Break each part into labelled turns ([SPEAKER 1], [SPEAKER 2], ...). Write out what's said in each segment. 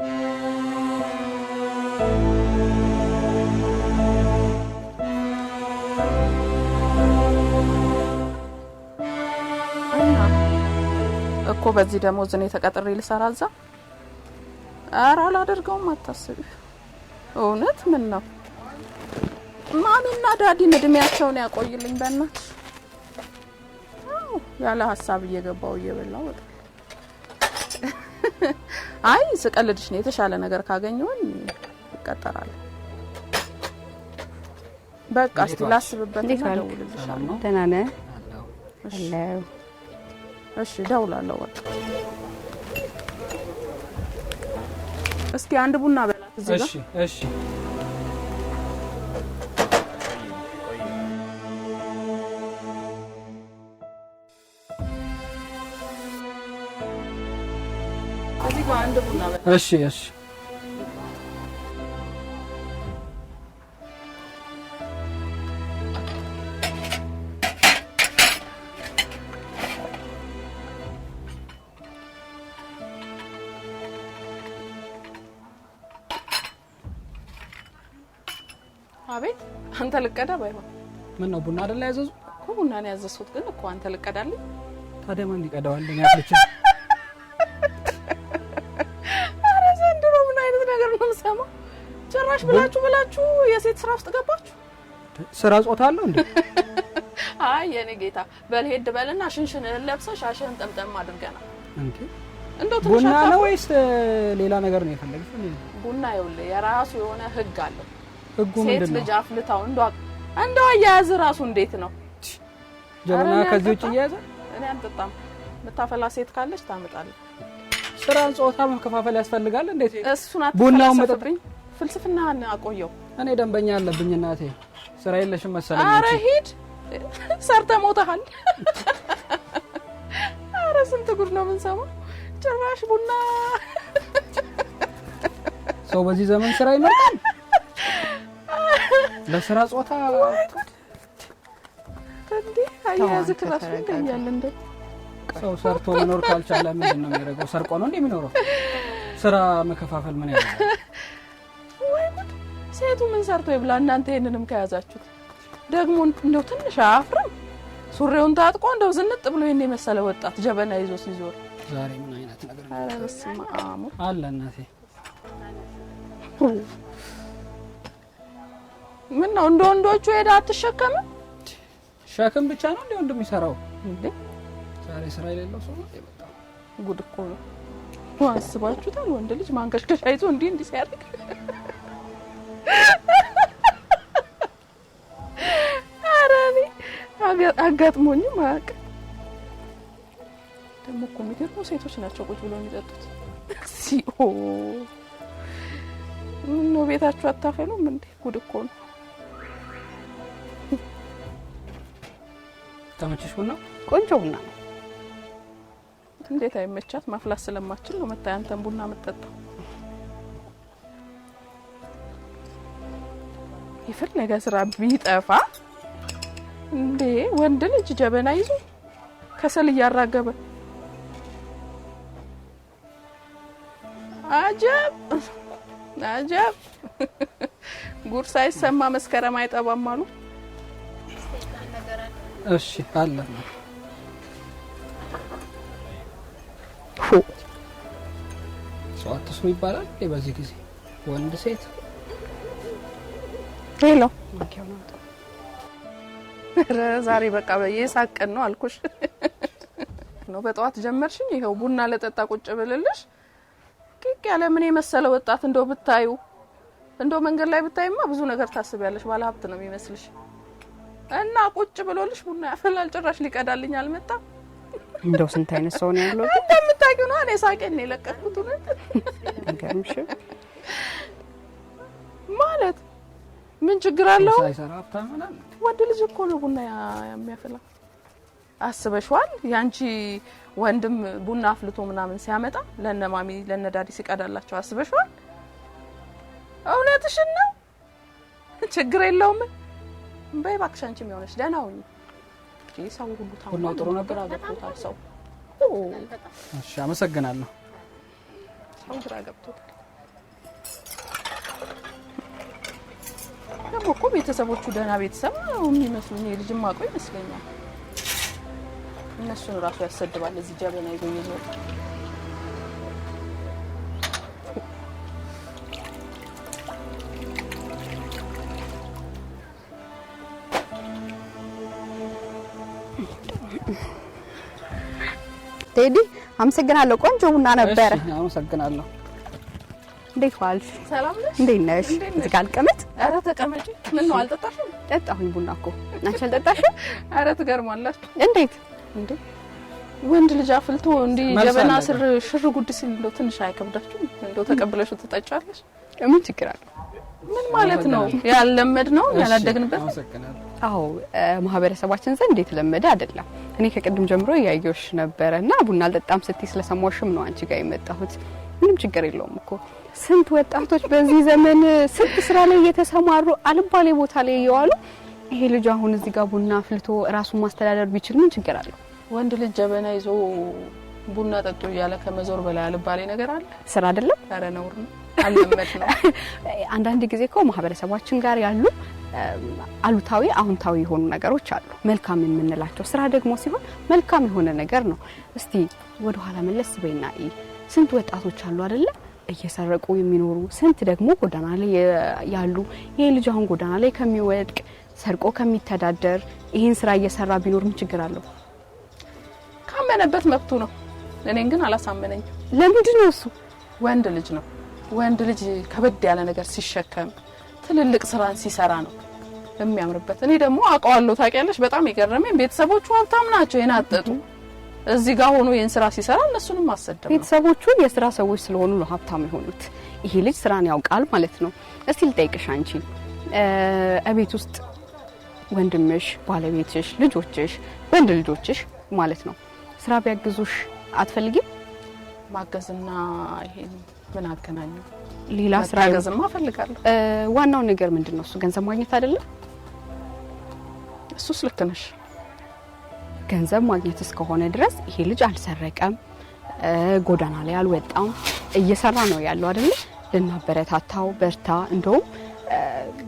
[SPEAKER 1] እኮ በዚህ ደግሞ ዝን ተቀጥሬ ልሰራ እዛ? ኧረ አላደርገውም፣ አታስቢ። እውነት ምን ነው ማሚና ዳዲን እድሜያቸውን ያቆይልኝ በእናትሽ። ያለ ሀሳብ እየገባው እየበላው አይ ስቀልድሽ ነው። የተሻለ ነገር ካገኘውን ይቀጠራል። በቃ እስቲ ላስብበት እና እደውልልሻለሁ። ደህና ነህ? እሺ እደውላለሁ። ወጥ እስኪ አንድ ቡና በላት
[SPEAKER 2] እዚህ ጋር። እሺ እሺ እሺ እሺ
[SPEAKER 1] አቤት አንተ ልቀዳ ባይሆን ምን ነው ቡና አይደለ ያዘዙ እኮ ቡና ነው ያዘዝኩት ግን እኮ አንተ ልቀዳልኝ ታዲያ ማን ይቀዳዋል እንደኛ ጭራሽ ብላችሁ ብላችሁ የሴት ስራ ውስጥ ገባችሁ። ስራ ጾታ አለው እንዴ? አይ የኔ ጌታ በል ሄድ በልና ሽንሽን ለብሰህ ሻሽን ጠምጠም አድርገናል። እንዴ እንደው ትንሽ ቡና
[SPEAKER 2] ነው ወይስ ሌላ ነገር ነው የፈለግሽ?
[SPEAKER 1] ቡና ይውል የራሱ የሆነ ህግ አለው። ህጉ ምንድነው? ሴት ልጅ አፍልታው እንደው እንደው አያያዝ ራሱ እንዴት ነው?
[SPEAKER 2] ጀበና ከዚህ ውጭ እያያዘ
[SPEAKER 1] እኔ አንጠጣም። የምታፈላ ሴት ካለች ታመጣለህ።
[SPEAKER 2] ስራን ጾታ መከፋፈል ያስፈልጋል እንዴት?
[SPEAKER 1] እሱን መጠጥ ፍልስፍናህን አቆየው።
[SPEAKER 2] እኔ ደንበኛ ያለብኝ እናቴ። ስራ የለሽም መሰለኝ።
[SPEAKER 1] አረ ሂድ፣ ሰርተህ ሞተሃል። አረ ስንት ጉድ ነው የምንሰማው። ጭራሽ ቡና
[SPEAKER 2] ሰው በዚህ ዘመን ስራ ይመርጣል። ለስራ ጾታ ሰው ሰርቶ መኖር ካልቻለ ምንድን ነው የሚያደርገው? ሰርቆ ነው እንደ የሚኖረው። ስራ መከፋፈል ምን ያደርጋል?
[SPEAKER 1] ሴቱ ምን ሰርቶ ይብላ? እናንተ ይሄንንም ከያዛችሁት ደግሞ እንደው ትንሽ አያፍርም? ሱሪውን ታጥቆ እንደው ዝንጥ ብሎ ይሄን የመሰለ ወጣት ጀበና ይዞ ሲዞር
[SPEAKER 2] ዛሬ ምን አይነት ነገር አለ እናቴ?
[SPEAKER 1] ምን ነው እንደ ወንዶቹ ሄዳ አትሸከምም?
[SPEAKER 2] ሸክም ብቻ ነው እንደ ወንድ የሚሰራው እንዴ? ዛሬ ስራ የሌለው ሰው ነው የመጣው።
[SPEAKER 1] ጉድ እኮ ነው። አስባችሁታል? ወንድ ልጅ ማንከሽከሻ ይዞ እንዲህ እንዲህ ሲያደርግ ኧረ እኔ አጋጥሞኝም አያውቅም። ደግሞ እኮ የሚገርሙ ሴቶች ናቸው ቁጭ ብለው የሚጠጡት። ሲኦ ምነው ቤታችሁ አታፈሉም እንዴ? ጉድ እኮ ነው። ተመቸሽ? ቡና ቆንጆ ቡና ነው። እንዴት አይመቻት? ማፍላት ስለማችል ነው መታይ አንተን ቡና የምጠጣው የፈለገ ስራ ቢጠፋ እንዴ ወንድ ልጅ ጀበና ይዞ ከሰል እያራገበ አጀብ አጀብ! ጉድ ሳይሰማ መስከረም አይጠባም አሉ።
[SPEAKER 2] እሺ አለ ሰው አትስሩ ይባላል በዚህ ጊዜ ወንድ ሴት
[SPEAKER 1] ሌላው ዛሬ በቃ የሳቅ ነው አልኩሽ ነው። በጠዋት ጀመርሽኝ። ይኸው ቡና ለጠጣ ቁጭ ብልልሽ ቂቅ ያለ ምን የመሰለ ወጣት እንደው ብታዩ እንደው መንገድ ላይ ብታይማ ብዙ ነገር ታስቢያለሽ። ባለ ሀብት ነው የሚመስልሽ እና ቁጭ ብሎልሽ ቡና ያፈላል። ጭራሽ ሊቀዳልኝ አልመጣም።
[SPEAKER 2] እንደው ስንት አይነት ሰው ነው ያለው
[SPEAKER 1] እንደምታውቂው ነው። እኔ ሳቄን ነው የለቀኩት።
[SPEAKER 2] እውነት
[SPEAKER 1] ማለት ምን ችግር አለው? ወንድ ልጅ እኮ ነው ቡና የሚያፈላ። አስበሽዋል? ያንቺ ወንድም ቡና አፍልቶ ምናምን ሲያመጣ ለነ ማሚ ለነ ዳዲ ሲቀዳላቸው አስበሽዋል? እውነትሽን ነው። ችግር የለውም። በይ እባክሽ አንቺ የሚሆነች ደህና ሁኚ። ሰው ሁሉ
[SPEAKER 2] ታቡና ጥሩ ነበር
[SPEAKER 1] አገብቶታል። ሰው
[SPEAKER 2] አመሰግናለሁ።
[SPEAKER 1] ሰው ግራ ገብቶታል። ደግሞ እኮ ቤተሰቦቹ ደህና ቤተሰብ ነው እኔ ልጅ ማቆ ይመስለኛል። እነሱን እራሱ ያሰድባል። እዚህ ጀበና ይዞ ቴዲ አመሰግናለሁ። ቆንጆ ቡና ነበረ።
[SPEAKER 2] አመሰግናለሁ።
[SPEAKER 1] እንዴት ዋልሽ? ሰላም ነሽ? እንዴት ነሽ? እዚህ ጋር ልቀመጥ?
[SPEAKER 3] ኧረ ተቀመጪ። ምን ነው አልጠጣሽም?
[SPEAKER 1] ጠጣሁኝ ቡና እኮ። አንቺ አልጠጣሽም?
[SPEAKER 3] ኧረ ትገርማላችሁ።
[SPEAKER 1] እንዴት እንዴ!
[SPEAKER 3] ወንድ ልጅ አፍልቶ እንዲህ ጀበና ስር ሽር ጉድ ሲል እንደው ትንሽ አይከብዳችሁም? እንደው ተቀብለሽው ትጠጫለሽ? ምን ችግር አለ? ምን ማለት ነው? ያልለመድ ነው ያላደግንበት።
[SPEAKER 1] አዎ ማህበረሰባችን ዘንድ የተለመደ አይደለም። እኔ ከቅድም ጀምሮ እያየሁሽ ነበረ እና ቡና አልጠጣም ስትይ ስለሰማሁሽም ነው አንቺ ጋር የመጣሁት። ምንም ችግር የለውም እኮ ስንት ወጣቶች በዚህ ዘመን ስንት ስራ ላይ እየተሰማሩ አልባሌ ቦታ ላይ እየዋሉ ይሄ ልጅ አሁን እዚህ ጋር ቡና አፍልቶ ራሱን ማስተዳደር ቢችል ምን ችግር አለው?
[SPEAKER 3] ወንድ ልጅ ጀበና ይዞ ቡና ጠጡ እያለ ከመዞር በላይ አልባሌ ነገር አለ? ስራ አይደለም? ኧረ ነውር ነው። አለመድ ነው።
[SPEAKER 1] አንዳንድ ጊዜ እኮ ማህበረሰባችን ጋር ያሉ አሉታዊ አሁንታዊ የሆኑ ነገሮች አሉ። መልካም የምንላቸው ስራ ደግሞ ሲሆን መልካም የሆነ ነገር ነው። እስቲ ወደኋላ መለስ በይና ስንት ወጣቶች አሉ አይደለ እየሰረቁ የሚኖሩ ስንት ደግሞ ጎዳና ላይ ያሉ ይሄ ልጅ አሁን ጎዳና ላይ ከሚወድቅ ሰርቆ ከሚተዳደር ይህን ስራ እየሰራ ቢኖር ምን ችግር አለው?
[SPEAKER 3] ካመነበት መብቱ ነው። እኔን ግን አላሳመነኝ።
[SPEAKER 1] ለምንድን ነው እሱ
[SPEAKER 3] ወንድ ልጅ ነው። ወንድ ልጅ ከበድ ያለ ነገር ሲሸከም ትልልቅ ስራን ሲሰራ ነው የሚያምርበት። እኔ ደግሞ አውቀዋለሁ። ታውቂያለሽ፣ በጣም የገረመኝ ቤተሰቦቹ ሀብታም ናቸው የናጠጡ እዚህ ጋር ሆኖ ይህን ስራ ሲሰራ እነሱንም አሰደብ።
[SPEAKER 1] ቤተሰቦቹ የስራ ሰዎች ስለሆኑ ነው ሀብታም የሆኑት። ይሄ ልጅ ስራን ያውቃል ማለት ነው። እስቲ ልጠይቅሽ አንቺ እቤት ውስጥ ወንድምሽ፣ ባለቤትሽ፣ ልጆችሽ፣ ወንድ ልጆችሽ ማለት ነው ስራ ቢያግዙሽ አትፈልጊም?
[SPEAKER 3] ማገዝና ይሄን ምን አገናኙ? ሌላ ስራ ማገዝማ እፈልጋለሁ።
[SPEAKER 1] ዋናው ነገር ምንድን ነው? እሱ ገንዘብ ማግኘት አይደለም? እሱስ ልክ ነሽ። ገንዘብ ማግኘት እስከሆነ ድረስ ይሄ ልጅ አልሰረቀም፣ ጎዳና ላይ አልወጣም፣ እየሰራ ነው ያለው አይደለ? ልናበረታታው በርታ። እንደውም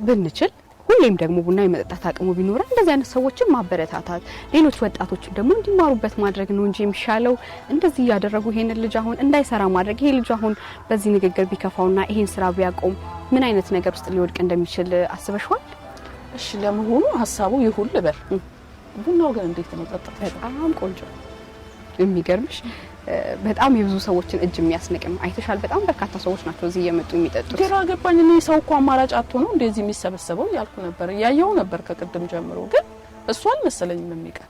[SPEAKER 1] ብንችል ሁሌም ደግሞ ቡና የመጠጣት አቅሙ ቢኖረ እንደዚህ አይነት ሰዎችን ማበረታታት፣ ሌሎች ወጣቶችን ደግሞ እንዲማሩበት ማድረግ ነው እንጂ የሚሻለው እንደዚህ እያደረጉ ይሄንን ልጅ አሁን እንዳይሰራ ማድረግ። ይሄ ልጅ አሁን በዚህ ንግግር ቢከፋውና ይሄን ስራ ቢያቆም ምን አይነት ነገር ውስጥ ሊወድቅ እንደሚችል አስበሽዋል?
[SPEAKER 3] እሺ፣ ለመሆኑ ሀሳቡ ይሁን ልበል ቡናው ግን እንዴት ነው? ጠጣ
[SPEAKER 1] በጣም ቆንጆ የሚገርምሽ በጣም የብዙ ሰዎችን እጅ የሚያስነቅም አይተሻል። በጣም በርካታ ሰዎች ናቸው እዚህ እየመጡ የሚጠጡት።
[SPEAKER 3] ግራ ገባኝ እኔ ሰው እኮ አማራጭ አቶ ነው እንደዚህ የሚሰበሰበው ያልኩ ነበር። ያየው ነበር ከቅድም ጀምሮ ግን እሱ አልመሰለኝም የሚቀር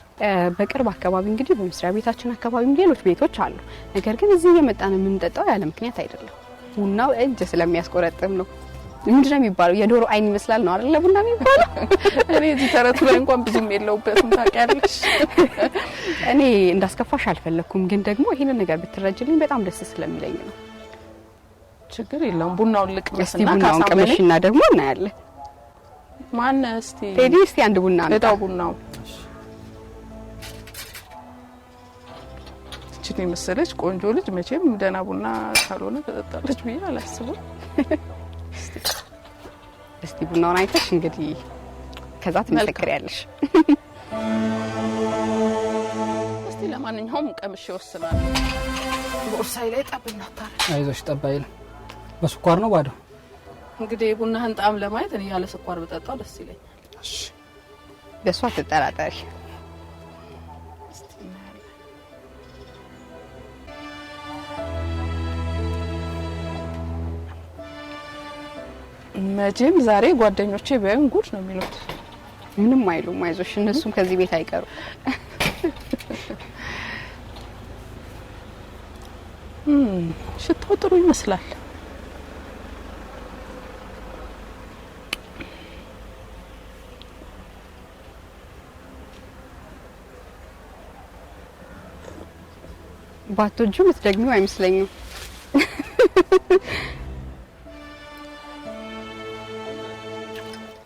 [SPEAKER 1] በቅርብ አካባቢ እንግዲህ በመስሪያ ቤታችን አካባቢም ሌሎች ቤቶች አሉ። ነገር ግን እዚህ እየመጣን የምንጠጣው ያለ ምክንያት አይደለም። ቡናው እጅ ስለሚያስቆረጥም ነው። ምንድን ነው የሚባለው? የዶሮ አይን ይመስላል ነው አይደል? ቡና የሚባለው
[SPEAKER 3] እኔ እዚህ ተረቱ ላይ እንኳን ብዙም የለውበትም ታውቂያለሽ።
[SPEAKER 1] እኔ እንዳስከፋሽ አልፈለግኩም፣ ግን ደግሞ ይህንን ነገር ብትረጅልኝ በጣም ደስ ስለሚለኝ ነው።
[SPEAKER 3] ችግር የለውም። ቡናውን ልቅመስና
[SPEAKER 1] ቡናውን ቅመሽና ደግሞ እናያለን።
[SPEAKER 3] ማነ እስቲ
[SPEAKER 1] ቴዲ፣ እስቲ አንድ ቡና
[SPEAKER 3] ነው ቡናው ችን የመሰለች ቆንጆ ልጅ መቼም ደህና ቡና ካልሆነ ተጠጣለች ብዬ አላስብም።
[SPEAKER 1] እስቲ እስቲ ቡናውን አይተሽ እንግዲህ ከዛ ትመሰክሪያለሽ።
[SPEAKER 3] እስቲ ለማንኛውም ቀምሽ ይወስናል። ቦርሳይ ላይ ጠብ እናታል።
[SPEAKER 2] አይዞሽ ጠብ አይልም። በስኳር ነው ባዶ።
[SPEAKER 3] እንግዲህ ቡናህን ጣም ለማየት እኔ ያለ ስኳር ብጠጣው ደስ ይለኛል። እሺ፣
[SPEAKER 1] በሷ ትጠራጠሪ መቼም ዛሬ ጓደኞቼ ቢያዩን ጉድ ነው የሚሉት። ምንም አይሉም፣ አይዞሽ፣ እነሱም ከዚህ ቤት አይቀሩም። ሽቶ ጥሩ ይመስላል። ባቶጁ ምትደግሚው አይመስለኝም።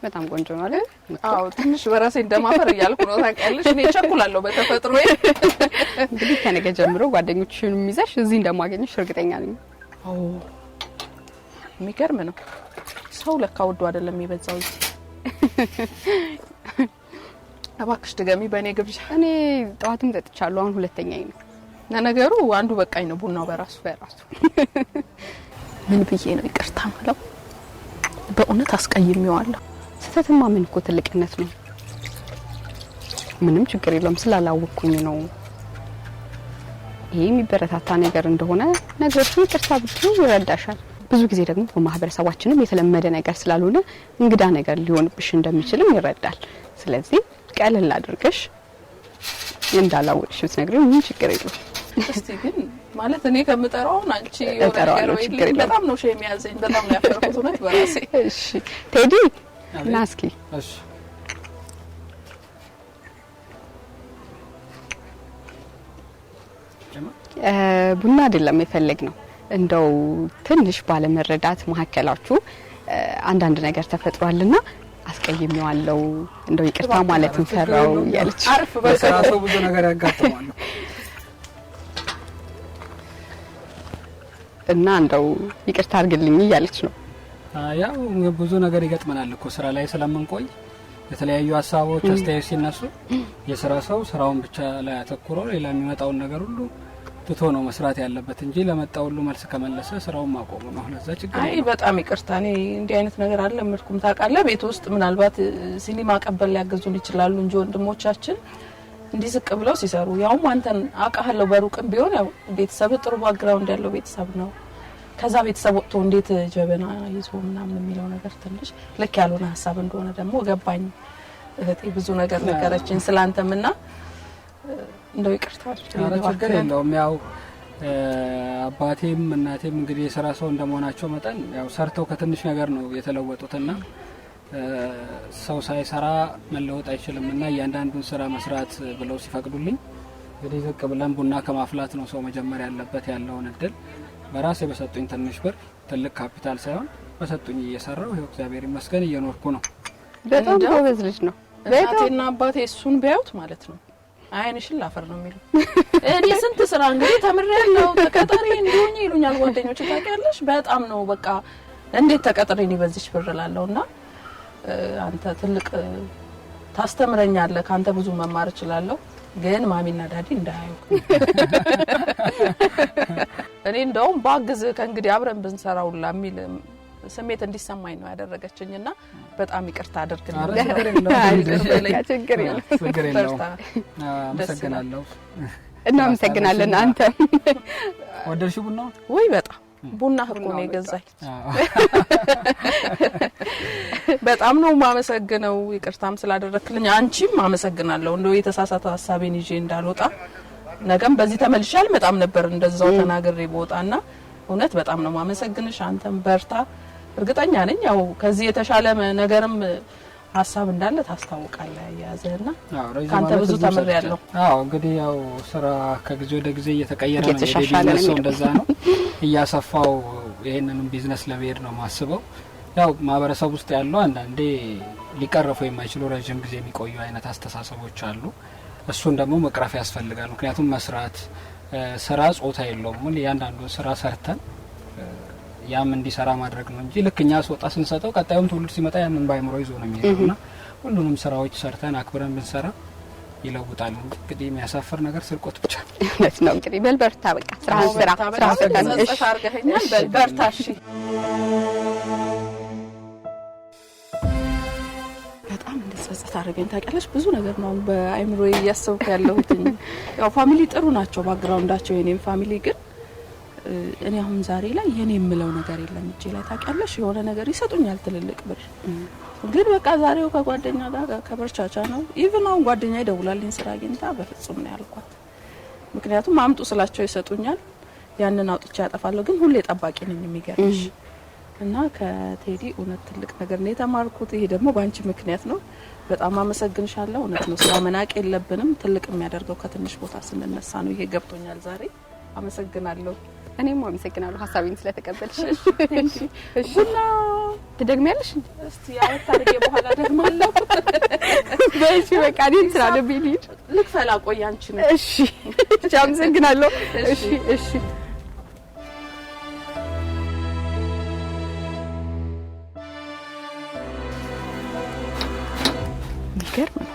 [SPEAKER 1] በጣም ቆንጆ ነው አይደል?
[SPEAKER 3] አዎ፣ ትንሽ በራሴ እንደማፈር እያልኩ ነው። ታውቂያለሽ፣ እኔ ቸኩላለሁ በተፈጥሮ።
[SPEAKER 1] እንግዲህ ከነገ ጀምሮ ጓደኞችሽን ይዘሽ እዚህ እንደማገኘሽ እርግጠኛ ነኝ። የሚገርም ነው። ሰው ለካ ውዱ አይደለም የበዛው እዚህ። እባክሽ ድገሚ በእኔ ግብዣ። እኔ ጠዋትም ጠጥቻለሁ፣ አሁን ሁለተኛ ነው። ለነገሩ አንዱ በቃኝ ነው ቡናው በራሱ በራሱ። ምን ብዬ ነው ይቅርታ ምለው? በእውነት አስቀይሜዋለሁ። ስህተትን ማመን እኮ ትልቅነት ነው። ምንም ችግር የለውም ስላላወቅኩኝ ነው። ይህ የሚበረታታ ነገር እንደሆነ ነገሮችን ይቅርታ ብትሉ ይረዳሻል። ብዙ ጊዜ ደግሞ በማህበረሰባችንም የተለመደ ነገር ስላልሆነ እንግዳ ነገር ሊሆንብሽ እንደሚችልም ይረዳል። ስለዚህ ቀለል አድርገሽ እንዳላወቅሽ ብትነግሪው ምን ችግር
[SPEAKER 3] የለውም። ማለት እኔ ከምጠራው አንቺ በጣም ነው ሼም በጣም ነው ያፈርኩት እውነት በራሴ። እሺ
[SPEAKER 1] ቴዲ እና እስኪ e, ቡና አይደለም የፈለግ ነው። እንደው ትንሽ ባለመረዳት መሀከላችሁ e, አንዳንድ ነገር ተፈጥሯልና አስቀይሜዋለሁ፣ እንደው ይቅርታ ማለት እንፈራው እያለች
[SPEAKER 2] ሰው ብዙ ነገር ያጋጥማል
[SPEAKER 1] እና እንደው ይቅርታ አድርግልኝ እያለች ነው
[SPEAKER 2] ያው ብዙ ነገር ይገጥመናል እኮ ስራ ላይ ስለምንቆይ የተለያዩ ሀሳቦች፣ አስተያየት ሲነሱ የስራ ሰው ስራውን ብቻ ላይ አተኩሮ ሌላ የሚመጣውን ነገር ሁሉ ትቶ ነው መስራት ያለበት እንጂ ለመጣ ሁሉ መልስ ከመለሰ ስራውን ማቆሙ ነው። ለዛ ችግር
[SPEAKER 3] አይ በጣም ይቅርታ፣ እኔ እንዲህ አይነት ነገር አለ ምልኩም ታውቃለህ። ቤት ውስጥ ምናልባት ሲኒ ማቀበል ሊያገዙን ይችላሉ እንጂ ወንድሞቻችን እንዲህ ዝቅ ብለው ሲሰሩ ያውም አንተን አውቃለሁ በሩቅም ቢሆን ያው ቤተሰብ ጥሩ ባግራውንድ ያለው ቤተሰብ ነው ከዛ ቤተሰብ ወጥቶ እንዴት ጀበና ይዞ ምናምን የሚለው ነገር ትንሽ ልክ ያልሆነ ሀሳብ እንደሆነ ደግሞ ገባኝ። እህቴ ብዙ ነገር ነገረችኝ ስላንተም እና እንደው ይቅርታ
[SPEAKER 2] ያው አባቴም እናቴም እንግዲህ የስራ ሰው እንደመሆናቸው መጠን ያው ሰርተው ከትንሽ ነገር ነው የተለወጡትና ሰው ሳይሰራ መለወጥ አይችልም እና እያንዳንዱን ስራ መስራት ብለው ሲፈቅዱልኝ እንግዲህ ዝቅ ብለን ቡና ከማፍላት ነው ሰው መጀመር ያለበት ያለውን እድል በራሴ በሰጡኝ ትንሽ ብር ትልቅ ካፒታል ሳይሆን በሰጡኝ እየሰራው ይኸው እግዚአብሔር ይመስገን እየኖርኩ ነው።
[SPEAKER 1] በጣም ጎበዝ ልጅ ነው።
[SPEAKER 3] እናቴና አባቴ እሱን ቢያዩት ማለት ነው አይንሽን ላፈር ነው የሚሉ። እኔ ስንት ስራ እንግዲህ ተምሬያለሁ ተቀጠሪ እንዲሆኝ ይሉኛል ጓደኞች። ታውቂያለሽ በጣም ነው በቃ እንዴት ተቀጥሬ እኔ በዚች ብር እላለሁ። እና አንተ ትልቅ ታስተምረኛለህ፣ ከአንተ ብዙ መማር እችላለሁ። ግን ማሚና ዳዲ እንዳያዩ እኔ እንደውም ባግዝ ከእንግዲህ አብረን ብንሰራ የሚል ስሜት እንዲሰማኝ ነው ያደረገችኝ። ና በጣም ይቅርታ አድርግልኝ።
[SPEAKER 2] አመሰግናለሁ።
[SPEAKER 1] እናመሰግናለን። አንተ
[SPEAKER 2] ቡና
[SPEAKER 3] ወይ? በጣም ቡና ነው የገዛኝ። በጣም ነው ማመሰግነው። ይቅርታም ስላደረክልኝ አንቺም አመሰግናለሁ። እንደው የተሳሳተ ሀሳቤን ይዤ እንዳልወጣ ነገም በዚህ ተመልሼ አልመጣም ነበር እንደዛው ተናግሬ በወጣና እውነት በጣም ነው ማመሰግንሽ። አንተም በርታ። እርግጠኛ ነኝ ያው ከዚህ የተሻለ ነገርም ሀሳብ እንዳለ ታስታውቃለህ። ያዘህና ከአንተ ብዙ ተምሬያለሁ።
[SPEAKER 2] አዎ እንግዲህ ያው ስራ ከጊዜ ወደ ጊዜ እየተቀየረ ነው። ቢዝነሱ እንደዛ ነው፣ እያሰፋው ይህንንም ቢዝነስ ለመሄድ ነው ማስበው። ያው ማህበረሰብ ውስጥ ያለው አንዳንዴ ሊቀረፉ የማይችሉ ረዥም ጊዜ የሚቆዩ አይነት አስተሳሰቦች አሉ። እሱን ደግሞ መቅረፍ ያስፈልጋል። ምክንያቱም መስራት ስራ ጾታ የለውም። እያንዳንዱ ስራ ሰርተን ያም እንዲሰራ ማድረግ ነው እንጂ ልክ እኛ ስወጣ ስንሰጠው ቀጣዩም ትውልድ ሲመጣ ያንን ባይምሮ ይዞ ነው የሚሄደው እና ሁሉንም ስራዎች ሰርተን አክብረን ብንሰራ ይለውጣል። እንግዲህ የሚያሳፍር ነገር ስርቆት ብቻ
[SPEAKER 1] እውነት ነው። እንግዲህ በልበርታ በቃ ስራ ስራ ስራ
[SPEAKER 3] ስራ
[SPEAKER 1] ስራ ስራ
[SPEAKER 3] ታደርገኝ ታውቂያለሽ። ብዙ ነገር ነው በአይምሮ እያሰብኩ ያለሁት። ያው ፋሚሊ ጥሩ ናቸው ባክግራውንዳቸው የኔም ፋሚሊ ግን እኔ አሁን ዛሬ ላይ የኔ የምለው ነገር የለም እጄ ላይ ታውቂያለሽ። የሆነ ነገር ይሰጡኛል ትልልቅ ብር፣ ግን በቃ ዛሬው ከጓደኛ ጋር ከበርቻቻ ነው። ኢቭን አሁን ጓደኛ ይደውላልኝ ስራ አግኝታ በፍጹም ነው ያልኳት። ምክንያቱም አምጡ ስላቸው ይሰጡኛል፣ ያንን አውጥቼ ያጠፋለሁ። ግን ሁሌ ጠባቂ ነኝ የሚገርምሽ እና ከቴዲ እውነት ትልቅ ነገር ነው የተማርኩት። ይሄ ደግሞ በአንቺ ምክንያት ነው። በጣም አመሰግንሻለሁ። እውነት ነው፣ ስራ መናቅ የለብንም። ትልቅ የሚያደርገው ከትንሽ ቦታ ስንነሳ ነው። ይሄ ገብቶኛል ዛሬ። አመሰግናለሁ።
[SPEAKER 1] እኔም አመሰግናለሁ ሀሳቤን ስለተቀበልሽ። እሺ ቡና ትደግሚያለሽ?
[SPEAKER 3] እስቲ አወት በኋላ ደግማለሁ።
[SPEAKER 1] በእሺ በቃ እኔም ስራ አለብኝ ልሂድ።
[SPEAKER 3] ልክፈላ። ቆይ አንቺ ነው።
[SPEAKER 1] እሺ አመሰግናለሁ። እሺ እሺ የሚገርም ነው።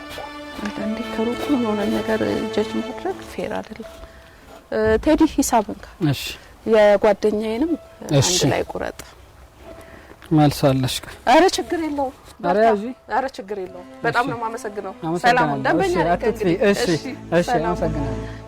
[SPEAKER 1] አንዳንዴ ከሩቁ የሆነ ነገር ጀጅ ማድረግ ፌር አይደለም። ቴዲ ሂሳብን የጓደኛዬንም አንድ ላይ ቁረጥ
[SPEAKER 2] ማልሳለሽ።
[SPEAKER 3] አረ ችግር የለው አረ ያዢ። አረ ችግር የለው። በጣም ነው የማመሰግነው። ሰላም
[SPEAKER 2] ደንበኛ። እሺ፣ እሺ፣ እሺ። አመሰግናለሁ።